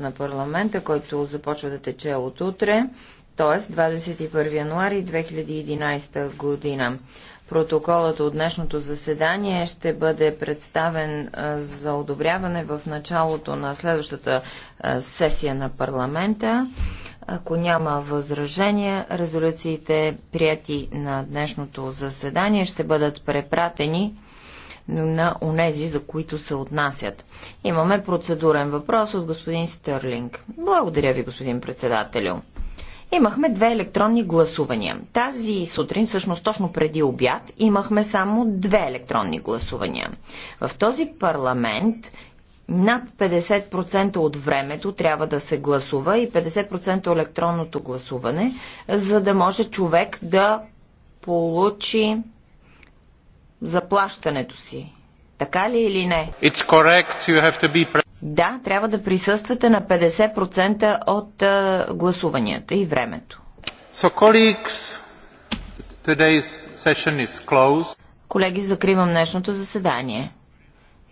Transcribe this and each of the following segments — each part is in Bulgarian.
на парламента, който започва да тече от утре, т.е. 21 януари 2011 година. Протоколът от днешното заседание ще бъде представен за одобряване в началото на следващата сесия на парламента. Ако няма възражения, резолюциите прияти на днешното заседание ще бъдат препратени на онези, за които се отнасят. Имаме процедурен въпрос от господин Стърлинг. Благодаря ви, господин председателю. Имахме две електронни гласувания. Тази сутрин, всъщност точно преди обяд, имахме само две електронни гласувания. В този парламент над 50% от времето трябва да се гласува и 50% електронното гласуване, за да може човек да получи заплащането си. Така ли или не? Be... Да, трябва да присъствате на 50% от а, гласуванията и времето. So, Колеги, закривам днешното заседание.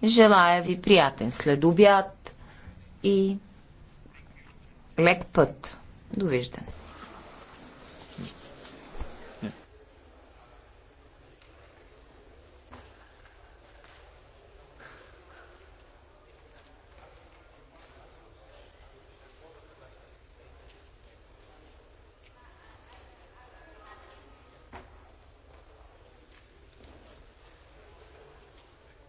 Желая ви приятен обяд и лек път. Довиждане.